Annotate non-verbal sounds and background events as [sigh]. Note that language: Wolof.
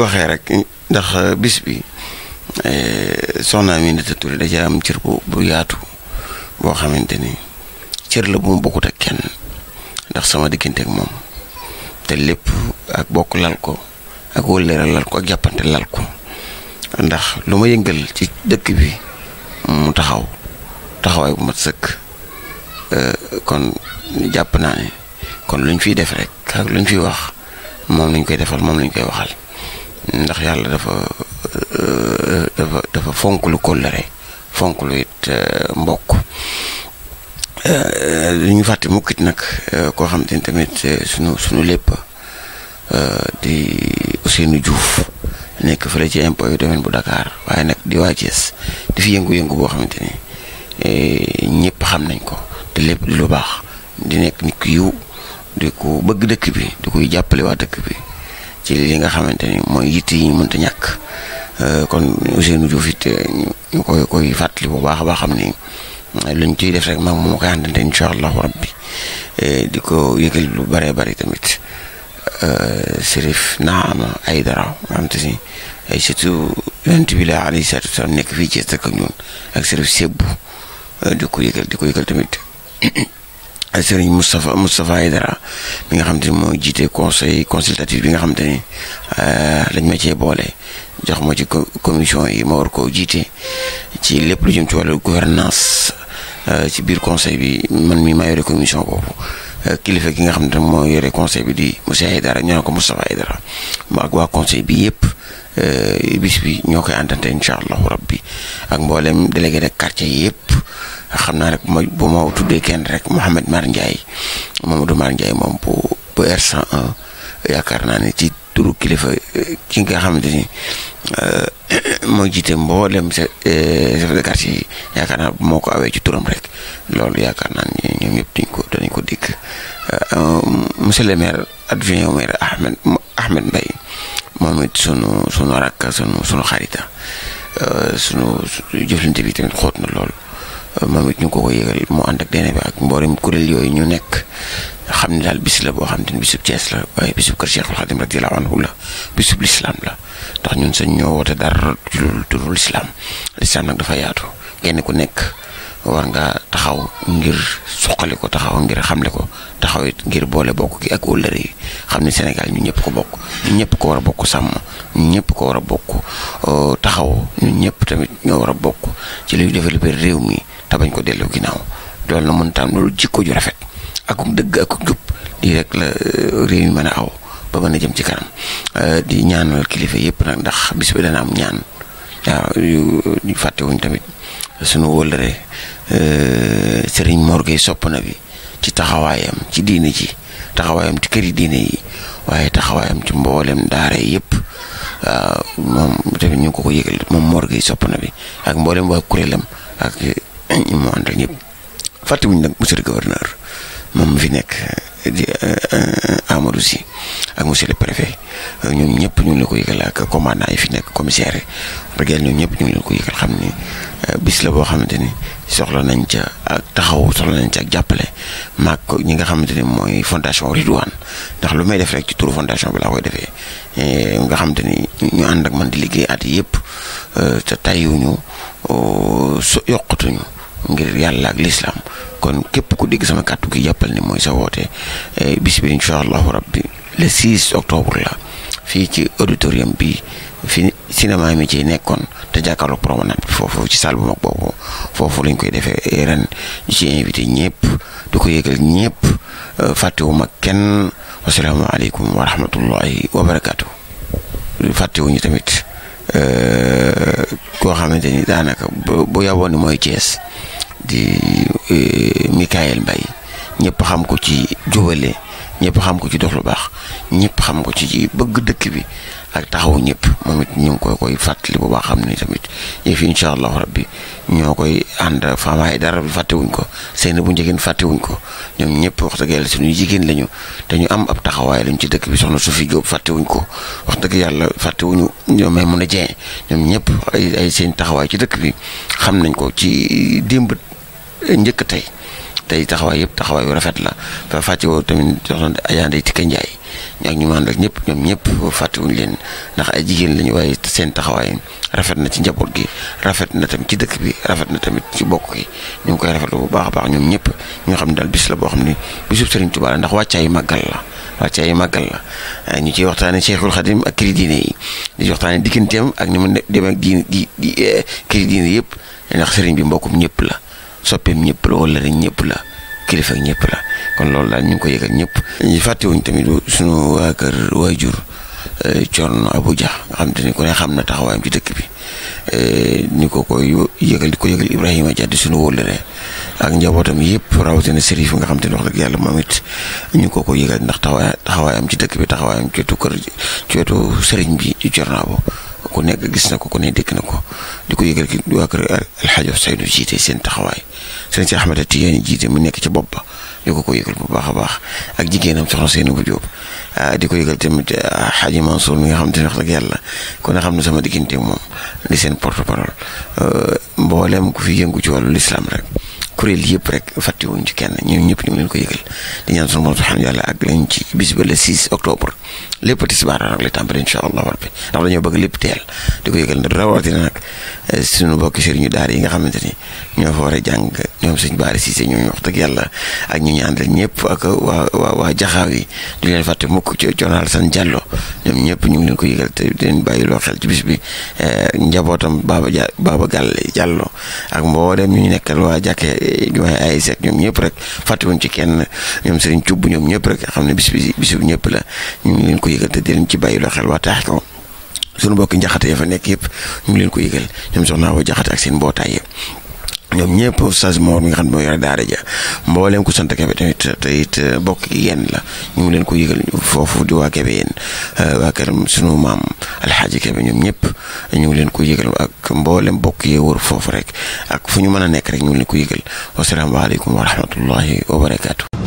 waxee rek ndax bis bi eh, soxna Aminata Touré da ci am cër bu bu yaatu boo xamante ni cër la bu mu bokkut ak kenn ndax sama diggante moom te lépp ak bokk lal ko ak wëllëre lal ko ak jàppante lal ko ndax lu ma yëngal ci dëkk bi mu taxaw taxawaay bu mat sëkk eh, kon jàpp naa ne kon luñ fii def rek ak luñ fiy wax moom lañ koy defal moom lañ koy waxal. ndax yàlla dafa dafa dafa fonk lu kóllëre fonk lu it mbokk lu ñu fàtte mukkit nag koo xam te ni tamit sunu sunu lépp di Ousseynou juuf nekk fële ci impôt yu bu dakaar waaye nag di waa Thiès di fi yëngu-yëngu boo xamante ni ñëpp xam nañ ko te lépp di lu baax di nekk nit ku yiw di ku bëgg dëkk bi di kuy jàppale waa dëkk bi ci li nga xamanteni moy mooy yitt mën ta ñak euh kon Ousseynou Diouf it ñu koy koy bu baax a baax luñ ciy def rek maam moo koy àndante incha rabbi di ko yëgal lu bëree bëri tamit Serif Naama Aydara nga xam te ay surtout yonent bi la alayhi salaatu wasalaam nekk ci dëkk ñun ak Serif Sebbu di ko yëgal di tamit. ak sëriñ Moustapha Moustapha Aydara mi nga xam te ni moo jiite conseil consultatif bi nga xam te ni euh, lañ ma cee boole jox ma ci commission yi ma war ko jiite ci lépp lu jëm ci wàllu gouvernance euh, ci biir conseil bi man mii maa yore commission boobu euh, kilifa gi nga xam ne moo yore conseil bi di monsieur Aydara ñu ne ko Moustapha dara ma ak waa conseil bi yëpp bis bi ñoo koy àndante incha allahu rabbi ak mboolem délégué de yi yëpp. xam naa rek ma bu ma tuddee kenn rek Mouhamed Mar Ndiaye Mamadou Mar Ndiaye moom bu bu r yaakaar naa ni ci turu kilifa ki nga xamante ni euh, [coughs] mooy jiite mboolem euh, chef de quartier yi yaakaar naa moo ko awee ci turam rek loolu yaakaar naa ni ñoom ñëpp dañ ko danañ ko dégg euh, monsieur le maire adjoint au maire Ahmed Ahmed moom it sunu sunu rakk sunu sunu xarita sunu jëflante bi tamit xóot na lool. moom it ñu ko ko yëgal mu ànd ak dene bi ak mboolem kuréel yooyu ñu nekk xam ne daal bis la boo xam te ne bisub Cees la waaye bisub kër Cheikhul Xadim radiyallahu anhu la bisub lislaam la ndax ñun sañ ñoo woote dara ci loolu turu lislaam lislaam nag dafa yaatu kenn ku nekk war nga taxaw ngir suqali ko taxaw ngir xamle ko taxaw it ngir boole bokk gi ak wëllëre yi xam ne Sénégal ñu ñëpp ko bokk ñu ñëpp ko war a bokk sàmm ñu ñëpp ko war a bokk euh, taxaw ñu ñëpp tamit ñoo war a bokk ci luy développer réew mi te ko delloo ginnaaw loolu na mën taam loolu jikko ju rafet akum dëgg akum jub lii rek la euh, réew yi mën a aw ba mën a jëm ci kanam euh, di ñaanal kilifa yëpp nag ndax bis bi dana am ñaan waaw yu fàttewuñ tamit sunu wóllare euh, Serigne Mor Gueye sopp na bi ci taxawaayam ci diine ji taxawaayam ci këri diine yi waaye taxawaayam ci mboolem daara yëpp moom tamit ñu ko ko yëgal moom Mor Gueye sopp bi ak mboolem waa kuréelam ñi mu àndal ñëpp fàttewuñ nag monsieur le moom mi fi nekk eh, di eh, eh, Amadou Sy ak monsieur le préfet ñoom ñëpp ñu ngi la ko yëgal ak commandant yi fi nekk commissaire regel ñoom ñëpp ñu ngi la ko yëgal xam ni bis la boo xamante ni soxla nañ ca ak taxaw soxla nañ ca ak jàppale maag ñi nga xamante ni mooy fondation Ridwan ndax lu may def rek ci turu fondation bi laa koy defee nga xamante ni ñu ànd ak man di liggéey at yëpp te tayyuñu oh, so yokkatuñu ngir yàlla ak lislaam kon képp ku dégg sama kàddu gi jàppal ni mooy sa woote e, bis bi incha allahu rabbi le 6 octobre la fii ci auditorium bi fi cinéma mi ci nekkoon te jàkkaarloog promenade bi foofu ci salle bu mag boobu foofu lañ koy defee e, ren ñu ci invité ñëpp du ko yëgal ñëpp e, fàttewuma kenn wasalaamaaleykum wa rahmatullahi wa barakaatu. fàttewuñu tamit koo xamante ni daanaka bu yaboon ni mooy Thiès. di euh, Mikaël Mbaye ñëpp xam ko ci jubale ñëpp xam ko ci dox lu baax ñëpp xam ko ci bëgg dëkk bi ak taxawu ñëpp moom it ñu ngi koy koy fàttali bu baax xam ni tamit yëf yi incha allahu rabbi ñoo koy ànd faamaay dara bi fàttewuñ ko seen bu njëgeen fàttewuñ ko ñoom ñëpp wax dëgg yàlla suñu jigéen lañu te ñu am ab taxawaay lañ ci dëkk bi soxna Sufi Jóob fàttewuñ ko wax dëgg yàlla fàttewuñu ñoom may mën a jeen ñoom ñëpp ay ay seen taxawaay ci dëkk bi xam nañ ko ci démb njëkk tey tey taxawaay yëpp taxawaay yu rafet la fa fàtte woo tamit soxna Ajaande Tikka Njaay ñu ak ñu mànd ak ñëpp ñoom ñëpp fàttewuñ leen ndax ay jigéen lañu waaye seen taxawaay rafet na ci njaboot gi rafet na tamit ci dëkk bi rafet na tamit ci bokk yi ñu ngi koy rafetlu bu baax a baax ñoom ñëpp ñoo xam ne daal bis la boo xam ne bisub Sëriñ Tuubaa la ndax wàccaayu màggal la wàccaayu màggal la eh, ñu ciy waxtaane Cheikhul Khadim ak kiri diine yi di ci waxtaane digganteem ak ni mu dem ak diine di eh, kiri diine yëpp ndax sëriñ bi mbokkum ñëpp la soppeem ñëpp la wala ñëpp la kilifa ak ñëpp la kon loolu daal ñu ngi ko yëgal ñëpp. ñu fàttewuñ tamit sunu waa kër waajur eh, Thierno Abuja nga xam te ni ku ne xam na taxawaayam ci dëkk bi ñu eh, ko koy yëgal di ko yëgal Ibrahima Dia di sunu wóllare ak njabootam yëpp rawatina Serif nga xam te ne wax dëgg yàlla moom it ñu ko koy yëgal ndax taxawaay am ci dëkk bi taxawaayam ci kër ci wetu sëriñ bi ci Thierno Abu ku nekk gis na ko ko ne dégg na ko di ko yëgal ki waa kër alxaaji Seydou jiite seen taxawaay sëñ si Ahmada Tidiane jiite mu nekk ci bopp ba di ko ko yëgal bu baax a baax ak jigéenam soxna seen bu Diop ah, di ko yëgal tamit xaaji ah, Mansour mi nga xam te ne wax dëgg yàlla ku ne xam ne sama diggante moom di seen porte parole euh, mboolem ku fi yëngu ci wàllu lislaam rek kuréel yëpp rek fàttewuñ ci kenn ñoom ñëpp ñu ngi leen ko yëgal di ñaan sunu borom subhanahu yàlla ak lañ ci bis ba le 6 octobre lépp tisbaar nag lay tàmbali incha allah rabbi ndax dañoo bëgg lépp teel di ko yëgal ndax rawatina nag eh, suñu mbokki sëriñu daara yi a ak ñu ñu àndal ñëpp ak waa waa yi du leen mukk ci san jàllo ñoom ñëpp ñu leen ko yëgal te di leen bàyyi xel ci bis bi eh, njabootam baaba ja baaba gàll jàllo ak ñu nekkal waa jàkke jumaay AICEC ñoom ñëpp rek fàttewuñ ci kenn ñoom sëriñ cubb ñoom ñëpp rek xam ne bis bisi bisu ñëpp la ñu ngi leen ko yëgal te di leen ci bàyyi loo xel waa taax ko suñu mbokki njaxate ya fa nekk yëpp ñu ngi leen ko yëgal ñoom soxna wa jaxate ak seen mbootaay ñoom ñëpp sage moor mi nga xam ne mooy yore daara ja mbooleem ku sant Kébé tamit te it eh, bokk yéen la ñu ngi leen ko yëgal foofu di waa Kébé yéen eh, waa kër sunu maam alxaaji Kébé ñoom ñëpp ñu ngi leen ko yëgal ak mboolem bokk yee wër foofu rek ak fu ñu mën a nekk rek ñu ngi leen ko yëgal wasalaamaaleykum wa rahmatullahi wa barakaatu.